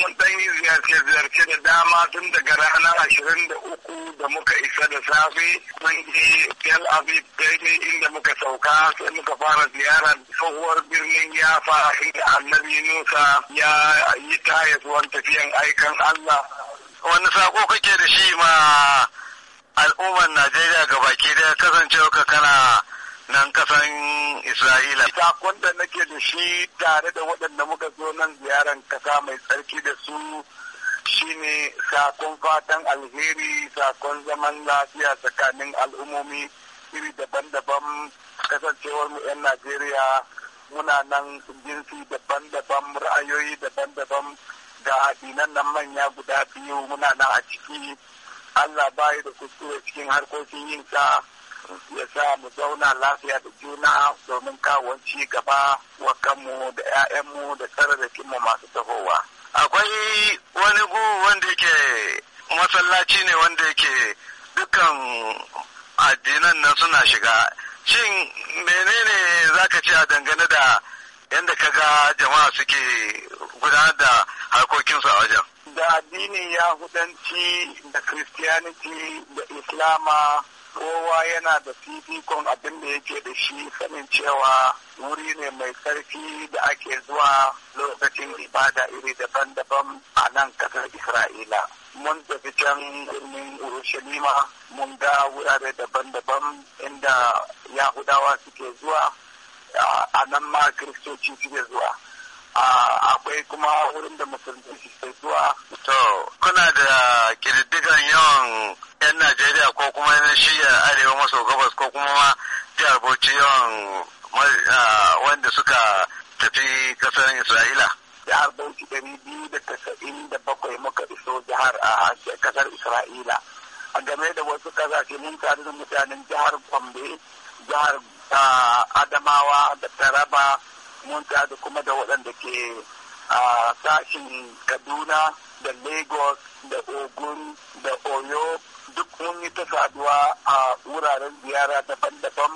mun ɗan yi ziyarce-ziyarce da dama tun daga ranar ashirin da uku da muka isa da safe mun yi Tel Aviv daidai inda muka sauka sai muka fara ziyara tsohuwar birnin Yafa inda annabi Nusa ya yi tayasuwan tafiyan aikan Allah. Wani sako kake da shi ma al'ummar Najeriya gabaki daya kasancewa kana nan kasan Isra'ila. Sakon da nake da shi tare da waɗanda muka zo nan ziyaran kasa mai tsarki da su shine sakon fatan alheri sakon zaman lafiya tsakanin al'ummomi iri daban-daban kasancewar mu 'yan Najeriya muna nan jinsi daban-daban ra'ayoyi daban-daban ga addinan nan manya guda biyu muna nan a ciki Allah bayi da kuskure cikin harkokin yin sa ya sa mu zauna lafiya da juna domin kawo ci gaba wa kanmu da 'ya'yanmu da tsararrakinmu masu tahowa. Akwai wani gu wanda yake masallaci ne wanda yake dukkan addinan nan suna shiga. Shin menene za ka ce a dangane da yadda ka ga jama'a suke gudanar da harkokinsu a wajen? Da addinin Yahudanci da Kiristiyaniti da Islama kowa yana da fifikon abin da yake da shi sanin cewa wuri ne mai sarki da ake zuwa lokacin ibada iri daban-daban a nan kasar isra'ila mun tafi can birnin urushalima mun ga wurare daban-daban inda yahudawa suke zuwa a nan ma kiristoci suke zuwa akwai kuma wurin da musulmi suke zuwa to kuna da kididdigan yawan 'yan najeriya ko kuma na shiya arewa maso gabas ko kuma ma jihar Bauchi ah, wanda suka tafi kasar Isra'ila. Jihar Bauchi ɗari biyu da tasa'in da bakwai muka iso jihar a ah, kasar Isra'ila. A game da wasu ke mun tare da mutanen jihar kwambe jihar ah, Adamawa da Taraba, mun tare kuma da waɗanda ke a sashin Kaduna da Lagos da Ogun da rika haduwa a wuraren ziyara daban-daban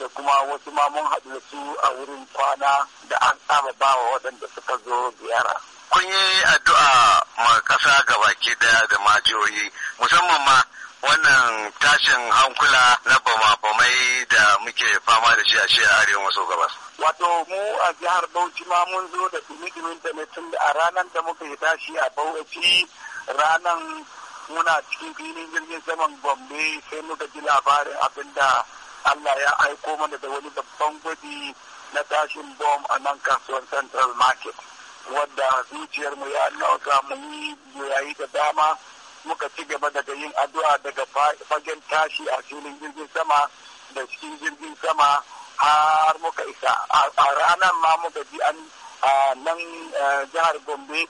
da kuma wasu ma mun haɗu da su a wurin kwana da an saba bawa waɗanda suka zo ziyara. Kun yi addu'a ma ƙasa gabaki ɗaya da majiyoyi musamman ma wannan tashin hankula na bama-bamai da muke fama da shi a shi arewa maso gabas. Wato mu a jihar Bauchi ma mun zo da dumi-dumin da tun a ranar da muka yi tashi a Bauchi ranar muna cikin filin jirgin saman bombe sai muka ji labarin abinda Allah ya aiko mana da wani babban gwaji na tashin bom a nan kasuwar Central Market. Wadda mu ya nauka mu yi yayi da dama muka ci gaba daga yin addu'a daga fagen tashi a filin jirgin sama da cikin jirgin sama har muka isa. A ranar ma muka ji an nan eh, jihar Gombe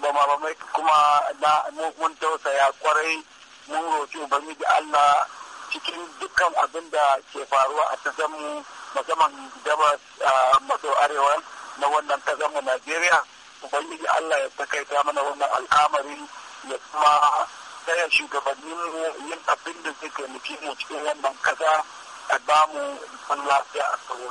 bamabamai kuma na mun tausaya kwarai mun roƙi ubangiji allah cikin dukkan abin da ke faruwa a mu musamman gabas maso arewa na wannan mu najeriya ubangiji allah ya takaita mana wannan al'amari ya kuma tsaya shugabannin mu yin abin da suke mutum cikin wannan kasa a bamu lafiya a tsaro